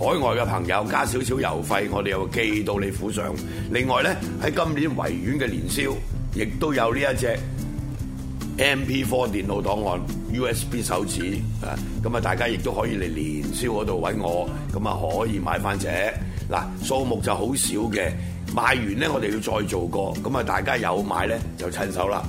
海外嘅朋友加少少郵費，我哋又寄到你府上。另外咧，喺今年維園嘅年宵亦都有呢一隻 M P four 電腦檔案 U S B 手指啊，咁啊，大家亦都可以嚟年宵嗰度揾我，咁啊可以買翻隻嗱，數目就好少嘅，賣完咧，我哋要再做個，咁啊，大家有買咧就趁手啦。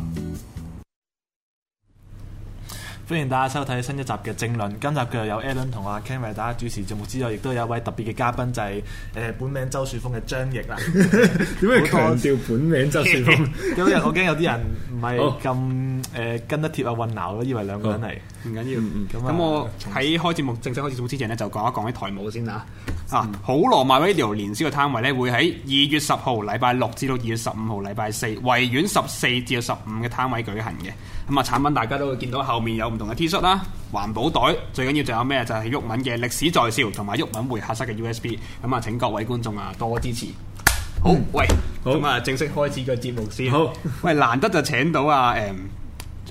歡迎大家收睇新一集嘅政論。今集嘅有 Allen 同阿 Ken 為大家主持節目之外，亦都有一位特別嘅嘉賓，就係、是、誒本名周樹峰嘅張翼啦。點解 強調本名周樹峰？因 為我驚有啲人唔係咁誒跟得貼啊，混淆咯，以為兩個人嚟。Oh. 唔緊要，咁我喺開節目正式開始做之前呢，就講一講喺台務先啦。嗯、啊，好羅 MyRadio 年宵嘅攤位呢，會喺二月十號禮拜六至到二月十五號禮拜四，維園十四至十五嘅攤位舉行嘅。咁、嗯、啊，產品大家都會見到後面有唔同嘅 T 恤啦，環保袋，最緊要仲有咩？就係毓民嘅歷史在笑同埋毓民會客室嘅 USB、嗯。咁啊，請各位觀眾啊，多支持。嗯、好，喂，咁啊好，正式開始個節目先。好，喂，難得就請到啊，誒、嗯。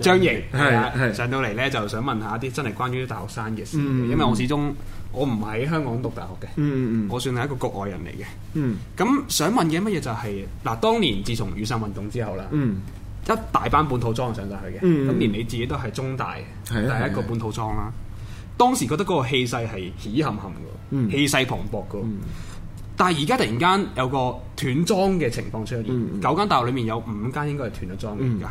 張翼，係係上到嚟咧，就想問下一啲真係關於大學生嘅事。因為我始終我唔喺香港讀大學嘅，我算係一個局外人嚟嘅。咁想問嘅乜嘢就係嗱，當年自從雨傘運動之後啦，一大班本土莊上晒去嘅，咁連你自己都係中大第一個本土莊啦。當時覺得嗰個氣勢係起冚冚嘅，氣勢磅礴嘅。但係而家突然間有個斷莊嘅情況出現，九間大學裡面有五間應該係斷咗莊㗎，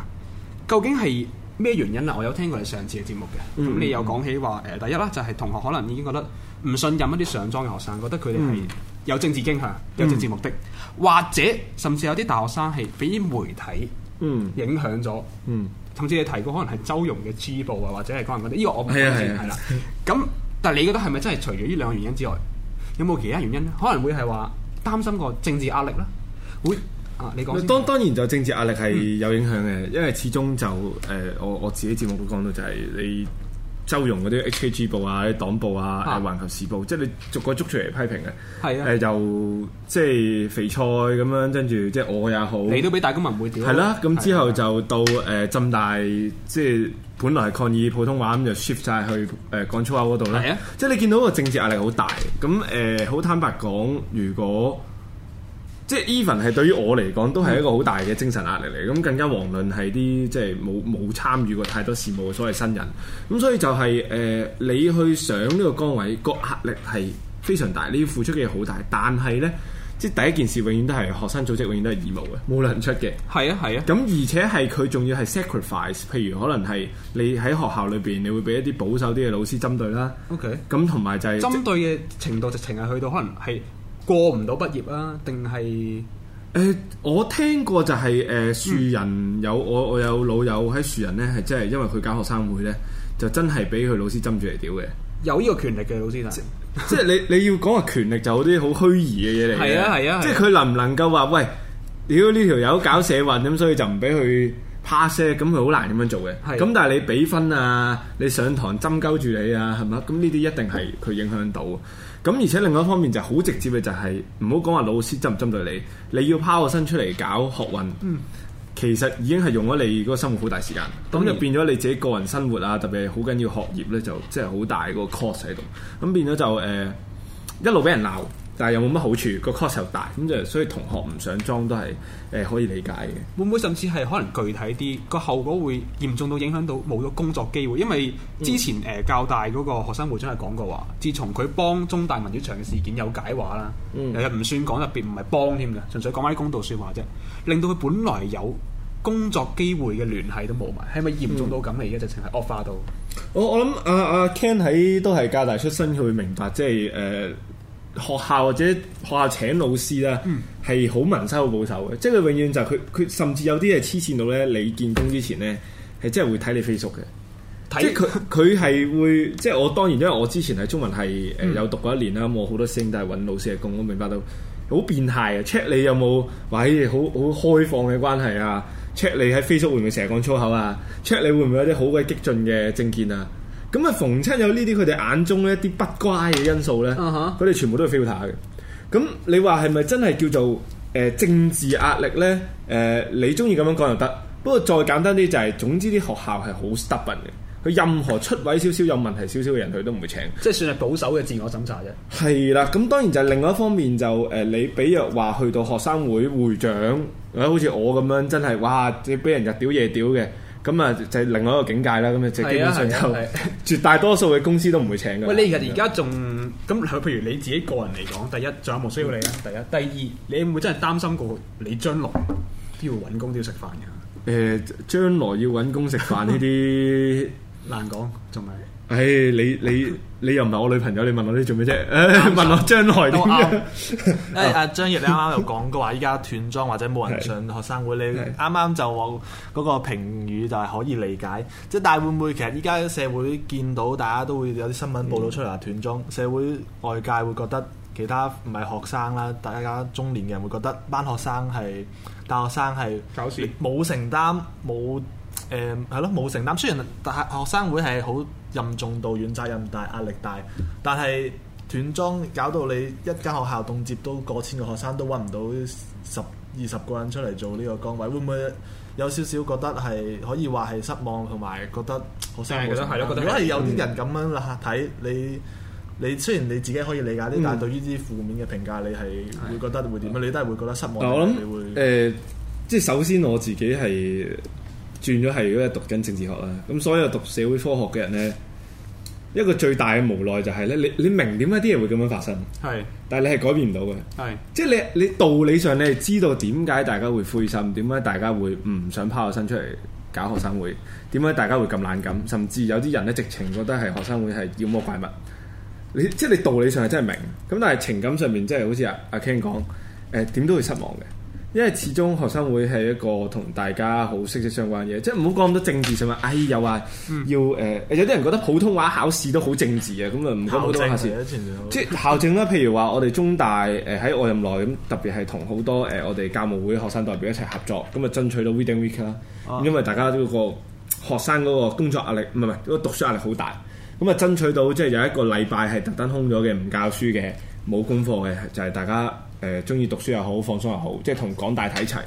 究竟係？咩原因啊？我有聽過你上次嘅節目嘅，咁、嗯、你有講起話誒、呃，第一啦就係、是、同學可能已經覺得唔信任一啲上莊嘅學生，覺得佢哋係有政治傾向、嗯、有政治目的，或者甚至有啲大學生係俾啲媒體影響咗，嗯嗯、甚至你提過可能係周融嘅支部啊，或者係講唔講得？呢、這個我唔係咁認同，係啦。咁但係你覺得係咪真係除咗呢兩個原因之外，有冇其他原因咧？可能會係話擔心個政治壓力啦，會。啊、你講當當然就政治壓力係有影響嘅，嗯、因為始終就誒、呃、我我自己節目會講到就係、是、你周融嗰啲 HKG 報啊、黨報啊、啊呃、環球時報，即係你逐個捉出嚟批評嘅。係啊，誒又、呃、即係肥菜咁樣跟住，即係我也好，你都俾大公民唔會點？係啦、啊，咁之後就到誒、啊呃、浸大，即係本來係抗議普通話，咁就 shift 晒去誒、呃、講粗口嗰度咧。係啊，即係你見到個政治壓力好大，咁誒好坦白講，如果即係 even 係對於我嚟講都係一個好大嘅精神壓力嚟，咁更加遑論係啲即係冇冇參與過太多事務嘅所謂新人。咁所以就係、是、誒、呃，你去上呢個崗位，個壓力係非常大，你要付出嘅嘢好大。但係呢，即係第一件事永遠都係學生組織永遠都係義務嘅，冇糧出嘅。係啊，係啊。咁而且係佢仲要係 sacrifice，譬如可能係你喺學校裏邊，你會俾一啲保守啲嘅老師針對啦。OK，咁同埋就係、是、針對嘅程度直情係去到可能係。過唔到畢業啊？定係誒，我聽過就係、是、誒，樹、呃、人有我，我有老友喺樹人呢，係真係因為佢搞學生會呢，就真係俾佢老師針住嚟屌嘅。有呢個權力嘅老師即係 你你要講個權力就有啲好虛擬嘅嘢嚟。係啊係啊，啊啊啊即係佢能唔能夠話喂，屌呢條友搞社運咁，所以就唔俾佢 pass 咁佢好難咁樣做嘅。咁、啊、但係你俾分啊，你上堂針鳩住你啊，係咪？咁呢啲一定係佢影響到。咁而且另外一方面就好直接嘅，就係唔好講話老師針唔針對你，你要拋個身出嚟搞學運，嗯、其實已經係用咗你個生活好大時間，咁然就變咗你自己個人生活啊，特別係好緊要學業呢，就即係好大個 cost 喺度，咁變咗就誒一路俾人鬧。但係又冇乜好處，個 cost 又大，咁就所以同學唔上莊都係誒可以理解嘅。會唔會甚至係可能具體啲個後果會嚴重到影響到冇咗工作機會？因為之前誒教大嗰個學生會長係講過話，嗯、自從佢幫中大民主牆嘅事件有解話啦，嗯、又唔算講入邊唔係幫添嘅，純粹講翻啲公道説話啫。令到佢本來有工作機會嘅聯繫都冇埋，係咪嚴重到咁嚟？而家直情係惡化到？我我諗阿阿 Ken 喺都係教大出身，佢會明白即係誒。Uh, 學校或者學校請老師咧，係好文身好保守嘅，嗯、即係佢永遠就佢、係、佢甚至有啲係黐線到咧。你見工之前咧，係真係會睇你 Facebook 嘅，即係佢佢係會即係我當然，因為我之前喺中文系誒有讀過一年啦，咁、嗯、我好多師兄都係揾老師嘅工，我明白到好變態啊！check 你有冇話啲好好開放嘅關係啊？check 你喺 Facebook 會唔會成日講粗口啊？check 你會唔會有啲好鬼激進嘅政見啊？咁啊，逢親有呢啲佢哋眼中咧一啲不乖嘅因素咧，佢哋、uh huh. 全部都係 filter 嘅。咁你話係咪真係叫做誒、呃、政治壓力咧？誒、呃，你中意咁樣講就得。不過再簡單啲就係、是、總之啲學校係好 stubborn 嘅，佢任何出位少少、有問題少少嘅人，佢都唔會請。即係算係保守嘅自我審查啫。係啦，咁當然就係另外一方面就誒，你、呃、比如話去到學生會會長，或者好似我咁樣，真係哇，你俾人日屌夜屌嘅。咁啊，就係另外一個境界啦。咁啊，就基本上就絕大多數嘅公司都唔會請嘅。喂、啊，啊啊啊、 你而家而家仲咁？譬如你自己個人嚟講，第一仲有冇需要你啊？第一，第二，你會唔會真係擔心過你將來都要搵工都要食飯㗎？誒，將來要搵工食飯呢啲 些難講，仲係。誒、哎，你你你又唔係我女朋友，你問我啲做咩啫？誒， 問我將來都啱對。誒誒、 啊，張翼你啱啱又講過話，依家斷莊或者冇人上學生會，是你啱啱就話嗰個評語就係可以理解。即係，但會唔會其實依家社會見到大家都會有啲新聞報道出嚟話斷莊，社會外界會覺得其他唔係學生啦，大家中年嘅人會覺得班學生係大學生係搞事，冇承擔冇誒，係咯冇承擔。雖然大學生會係好。任重道遠，責任大，壓力大。但係斷裝搞到你一間學校動輒都過千個學生都揾唔到十二十個人出嚟做呢個崗位，會唔會有少少覺得係可以話係失望，同埋覺得好嘥班如果係有啲人咁樣睇你，你，你雖然你自己可以理解啲，嗯、但係對於啲負面嘅評價，你係會覺得會點啊、嗯？你都係會覺得失望，想你會、呃、即係首先我自己係。轉咗係如果係讀緊政治學啦，咁所有讀社會科學嘅人呢，一個最大嘅無奈就係、是、呢，你你明點解啲嘢會咁樣發生？係，是的 但係你係改變唔到嘅。係是的，即係你你道理上你係知道點解大家會灰心，點解大家會唔想拋個身出嚟搞學生會，點解大家會咁懶咁，甚至有啲人呢直情覺得係學生會係妖魔怪物。你即係、就是、你道理上係真係明，咁但係情感上面即係好似阿阿 Ken 講，誒、呃、點都會失望嘅。因為始終學生會係一個同大家好息息相關嘅，即係唔好講咁多政治上啊，哎又話要誒、呃，有啲人覺得普通話考試都好政治嘅，咁啊唔講普通考試，即係校政啦。譬如話我哋中大誒喺我任內咁，特別係同好多誒、呃、我哋教務會學生代表一齊合作，咁啊爭取到 reading week 啦。We 啊、因為大家嗰個學生嗰個工作壓力唔係係，嗰個讀書壓力好大，咁啊爭取到即係、就是、有一個禮拜係特登空咗嘅，唔教書嘅，冇功課嘅，就係、是、大家。誒，中意讀書又好，放鬆又好，即係同廣大睇齊。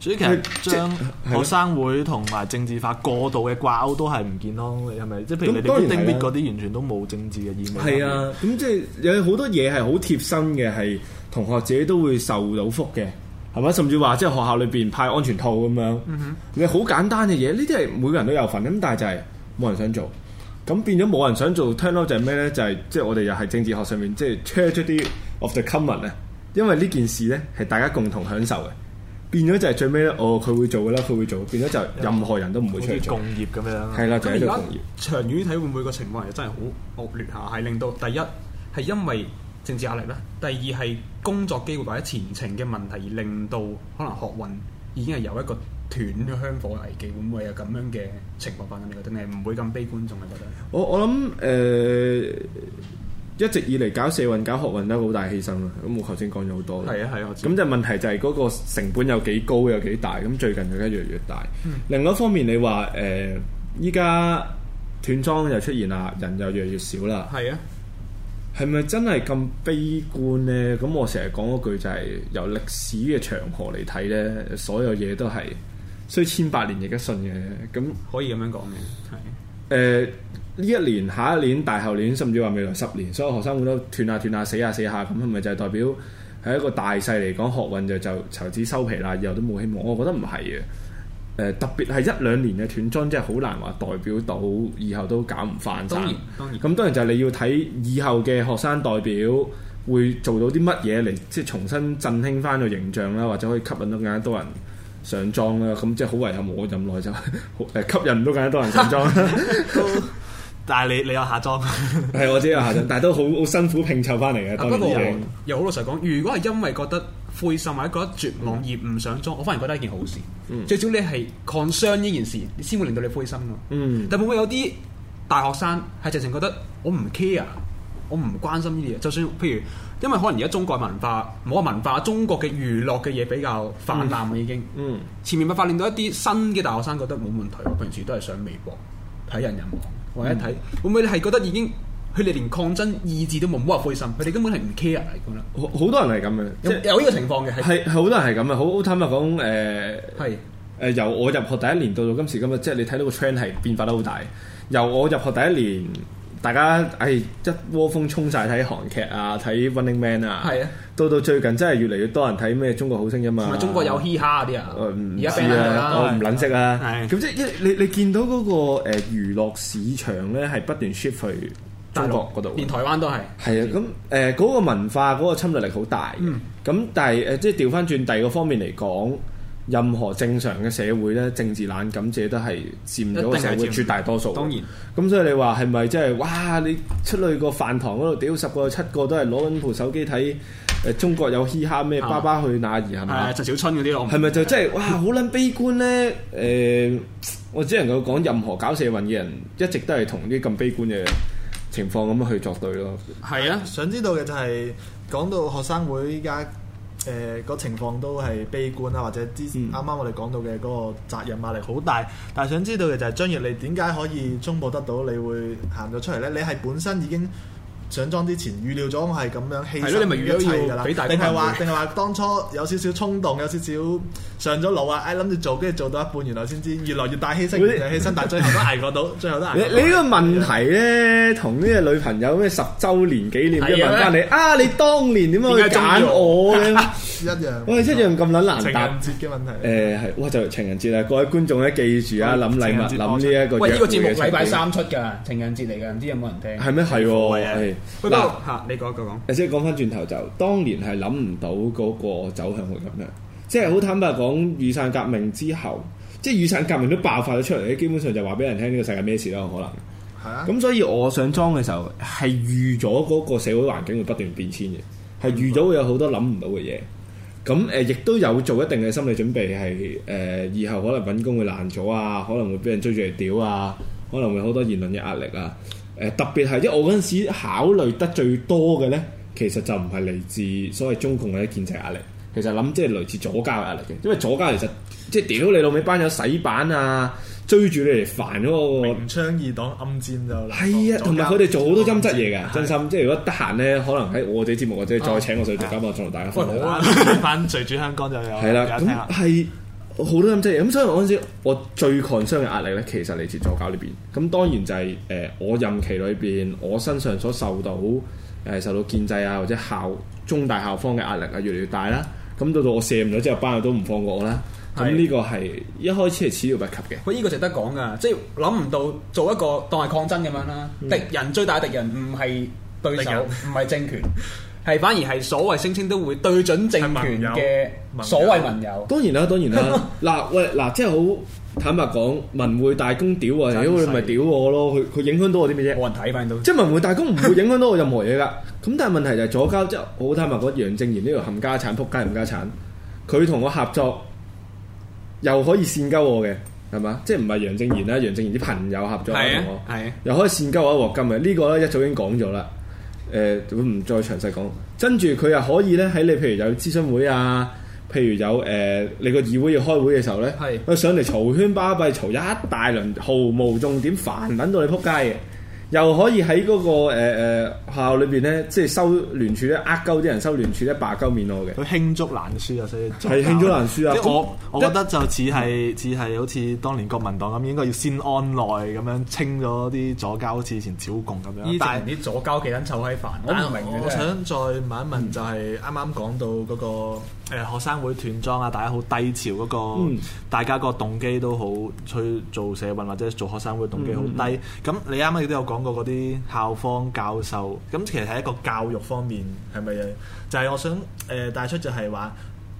所以其實將學生會同埋政治化過度嘅掛鈎都係唔健康嘅，係咪？即係譬如你當然定啲完全都冇政治嘅意味。係啊，咁即係有好多嘢係好貼身嘅，係同學自己都會受到福嘅，係咪？甚至話即係學校裡邊派安全套咁樣，嗯哼，你好簡單嘅嘢，呢啲係每個人都有份咁，但係就係冇人想做。咁變咗冇人想做,人想做，turn out 就係咩咧？就係、是、即係我哋又係政治學上面即係 check 出啲。of the common 咧，因為呢件事咧係大家共同享受嘅，變咗就係最尾咧，哦佢會做嘅啦，佢會做，變咗就任何人都唔會出嚟做。啲共業咁樣。係啦，咁而家業長遠睇會唔會個情況又真係好惡劣下，係令到第一係因為政治壓力咧，第二係工作機會或者前程嘅問題而令到可能學運已經係有一個斷香火危機，會唔會有咁樣嘅情況發生？你覺得你係唔會咁悲觀，仲係覺得我我諗誒。呃一直以嚟搞社運、搞學運都好大犧牲啊。咁我頭先講咗好多。係啊，係啊。咁就問題就係嗰個成本有幾高，有幾大？咁最近更加越嚟越大。嗯、另外一方面，你話誒依家斷莊又出現啦，人又越嚟越少啦。係啊。係咪真係咁悲觀呢？咁我成日講嗰句就係、是、由歷史嘅長河嚟睇呢，所有嘢都係需千百年亦都信嘅。咁可以咁樣講嘅。係。誒、呃。呢一年、下一年、大後年，甚至話未來十年，所有學生會都斷下斷下、死下死下，咁係咪就係代表係一個大勢嚟講，學運就就投資收皮啦，以後都冇希望。我覺得唔係嘅，誒特別係一兩年嘅斷莊，真係好難話代表到以後都搞唔翻晒。當然，咁當然就係你要睇以後嘅學生代表會做到啲乜嘢嚟，即係重新振興翻個形象啦，或者可以吸引到更加多人上莊啦。咁即係好遺憾，我任內就吸引唔到更加多人上莊。但係你你有下莊係 我知有下莊，但係都好好辛苦拼湊翻嚟嘅。不過又好老實講，如果係因為覺得灰心或者覺得絕望而唔上莊，嗯、我反而覺得係一件好事。嗯、最少你係 concern 呢件事，你先會令到你灰心㗎。嗯，但係會唔會有啲大學生係直情覺得我唔 care，我唔關心呢啲嘢？就算譬如因為可能而家中國文化冇個文化，中國嘅娛樂嘅嘢比較泛濫已經嗯，全、嗯嗯、面發達令到一啲新嘅大學生覺得冇問題。我平時都係上微博睇人人網。我一睇會唔會你係覺得，已經佢哋連抗爭意志都冇，唔好話灰心，佢哋根本係唔 care 嚟㗎。好多人係咁樣，即係有呢個情況嘅，係係好多人係咁啊！好坦白講，誒係誒由我入學第一年到到今時今日，即係你睇到個 trend 係變化得好大。由我入學第一年。大家唉、哎、一窩蜂衝晒睇韓劇啊，睇 Running Man 啊，係啊，到到最近真係越嚟越多人睇咩中國好聲音啊，同埋中國有嘻哈啲，呃、啊，而家我唔撚識啊，咁即係一你你見到嗰個誒娛樂市場咧係不斷 shift 去中國嗰度，連台灣都係，係啊，咁誒嗰個文化嗰，嗰個侵略力好大，咁，嗯，但係誒即係調翻轉第二個方面嚟講。任何正常嘅社會咧，政治冷感者都係佔咗社會絕大多數。當然，咁所以你話係咪即係哇？你出去個飯堂嗰度，屌十個有七個都係攞緊部手機睇誒、呃、中國有嘻哈咩？嗎爸爸去哪兒係咪？誒，陳小春嗰啲咯。係咪就即、是、係的哇？好撚悲觀咧？誒、呃，我只能夠講，任何搞社運嘅人一直都係同啲咁悲觀嘅情況咁去作對咯。係啊的，想知道嘅就係、是、講到學生會依家。誒、呃嗰個情況都係悲觀啦，或者之前啱啱我哋講到嘅嗰個責任壓力好大，嗯、但係想知道嘅就係張月麗點解可以衝破得到？你會行咗出嚟呢？你係本身已經上莊之前預料咗我係咁樣氣，係定係話定係話當初有少少衝動，有少少。上咗路啊！哎，諗住做，跟住做到一半，原來先知越來越大犧牲，越嚟犧牲，但最後都捱過到，最後都捱過到。你呢個問題咧，同呢個女朋友咩十周年紀念一問翻你啊，你當年點解會揀我嘅？一樣，我係一樣咁撚難答。情人節嘅問題。誒係，哇就情人節啦！各位觀眾咧，記住啊，諗禮物，諗呢一個。喂，呢個節目禮拜三出㗎，情人節嚟㗎，唔知有冇人聽？係咩？係喎，係。嗱嚇，你講，佢講。誒，即係講翻轉頭，就當年係諗唔到嗰個走向會咁樣。即係好坦白講，雨傘革命之後，即係雨傘革命都爆發咗出嚟，基本上就話俾人聽呢個世界咩事啦。可能，係啊。咁所以我上莊嘅時候係預咗嗰個社會環境會不斷變遷嘅，係預咗會有好多諗唔到嘅嘢。咁誒、呃，亦都有做一定嘅心理準備，係誒、呃、以後可能揾工會難咗啊，可能會俾人追住嚟屌啊，可能會好多輿論嘅壓力啊。誒、呃、特別係因為我嗰陣時考慮得最多嘅呢，其實就唔係嚟自所謂中共嘅一建制壓力。其實諗即係類似左膠嘅壓力嘅，因為左膠其實即係屌你老尾班友洗版啊，追住你嚟煩嗰個明槍易擋暗箭就難。係啊，同埋佢哋做好多陰質嘢噶，嗯啊、真心。即係如果得閒咧，可能喺我哋節目或者再請我上去、啊、我做嘉賓我再同大家分享、啊。洗、啊、版隨住香港就有。係啦、啊，咁係好多陰質嘢。咁所以我嗰時我最抗傷嘅壓力咧，其實嚟自左膠呢邊。咁當然就係、是、誒、呃、我任期裏邊，我身上所受到誒、呃、受到建制啊或者校中大校方嘅壓力啊，越嚟越大啦。咁到到我射唔咗之後，班友都唔放過我啦。咁呢是個係一開始係始料不及嘅。喂呢、呢個值得講㗎，即係諗唔到做一個當係抗爭咁樣啦。嗯、敵人追打敵人，唔係對手，唔係人政權，係 反而係所謂聲稱都會對準政權嘅所謂盟友。當然啦，當然，當然 啦。嗱喂，嗱即係好。坦白講，文匯大公屌啊，因為咪屌我咯，佢佢影響到我啲咩啫？冇人睇翻到。即係文匯大公唔會影響到我任何嘢噶，咁 但係問題就係左膠，即係好坦白講，楊政賢呢條冚家鏟，仆街冚家鏟，佢同我合作，又可以善交我嘅，係嘛？即係唔係楊政賢啦，楊政賢啲朋友合作我，係、啊啊、又可以善交我一鑊金嘅，呢、這個咧，一早已經講咗啦，誒、呃，唔再詳細講。跟住佢又可以咧喺你譬如有諮詢會啊。譬如有誒、呃，你個議會要開會嘅時候咧，佢是上嚟嘈喧巴閉，嘈一大輪，毫無重點，煩，揾到你撲街嘅。又可以喺嗰、那個誒誒、呃、學校裏邊咧，即係收聯署咧，呃鳩啲人收聯署咧，白鳩面我嘅。佢罄竹難書啊，所以係罄竹難書啊！欸、我我，我覺得就似係似係好似當年國民黨咁，應該要先安內咁樣清咗啲左膠，好似以前剿共咁樣。但係啲左膠幾撚臭閪煩。是我想再問一問，就係啱啱講到嗰、那個。嗯誒學生會斷莊啊！大家好低潮嗰、那個，嗯、大家個動機都好，去做社運或者做學生會動機好低。咁、嗯嗯、你啱啱亦都有講過嗰啲校方教授，咁其實係一個教育方面係咪？就係、是、我想誒、呃、帶出就係話。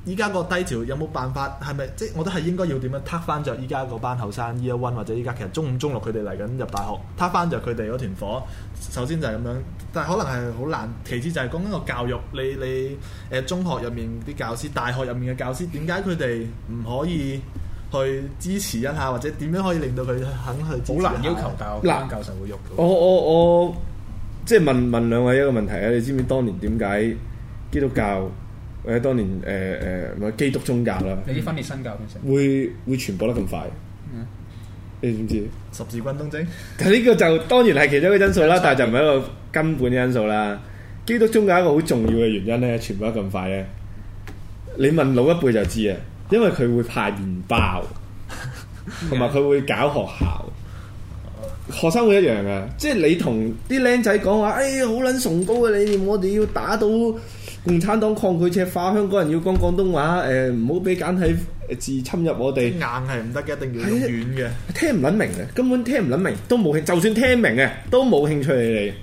依家個低潮有冇辦法？係咪即係我都係應該要點樣撻翻着依家嗰班後生 Year One 或者依家其實中五中六佢哋嚟緊入大學，撻翻着佢哋嗰團火。首先就係咁樣，但係可能係好難。其次就係講緊個教育，你你誒中學入面啲教師，大學入面嘅教師，點解佢哋唔可以去支持一下，或者點樣可以令到佢肯去支持？好難要求大學班教授會喐。我我我即係、就是、問問兩位一個問題啊！你知唔知當年點解基督教、嗯？或者當年誒誒、呃呃，基督宗教啦。你啲分裂新教點成？會會傳播得咁快？嗯、你知唔知？十字軍東征？但呢個就當然係其中一個因素啦， 但係就唔係一個根本嘅因素啦。基督宗教一個好重要嘅原因咧，傳播得咁快咧。你問老一輩就知啊，因為佢會派麵包，同埋佢會搞學校， 學生會一樣嘅。即係你同啲僆仔講話，誒、哎，好撚崇高嘅理念，我哋要打到。共產黨抗拒赤化，香港人要講廣東話，誒唔好俾簡體字侵入我哋。硬係唔得嘅，一定要用軟嘅。聽唔撚明嘅，根本聽唔撚明，都冇興趣。就算聽明嘅，都冇興趣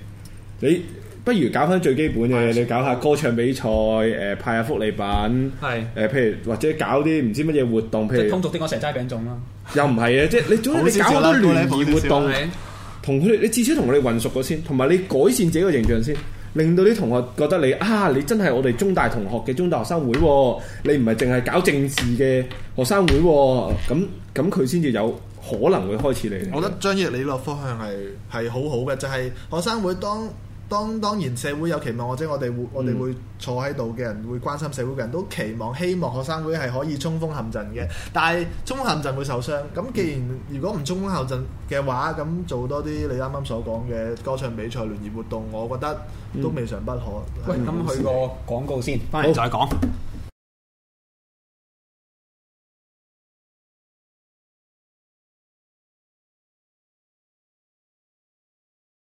你。你不如搞翻最基本嘅，的你搞下歌唱比賽，誒、呃、派下福利品。係誒的、呃，譬如或者搞啲唔知乜嘢活動，譬如通俗啲，我成齋噉種啦。又唔係啊？即係你，總之你搞好多聯誼活動，同佢哋，你至少同佢哋混熟過先，同埋你改善自己嘅形象先。令到啲同學覺得你啊，你真係我哋中大同學嘅中大學生會，你唔係淨係搞政治嘅學生會，咁咁佢先至有可能會開始你。我覺得張翼理落方向係係好好嘅，就係、是、學生會當。當當然社會有期望，或者我哋會我哋會坐喺度嘅人、嗯、會關心社會嘅人都期望希望學生會係可以衝鋒陷陣嘅，但係衝鋒陷陣會受傷。咁既然如果唔衝鋒陷陣嘅話，咁做多啲你啱啱所講嘅歌唱比賽聯誼活動，我覺得都未嘗不可。喂、嗯，咁去個廣告先，翻嚟、嗯、再講。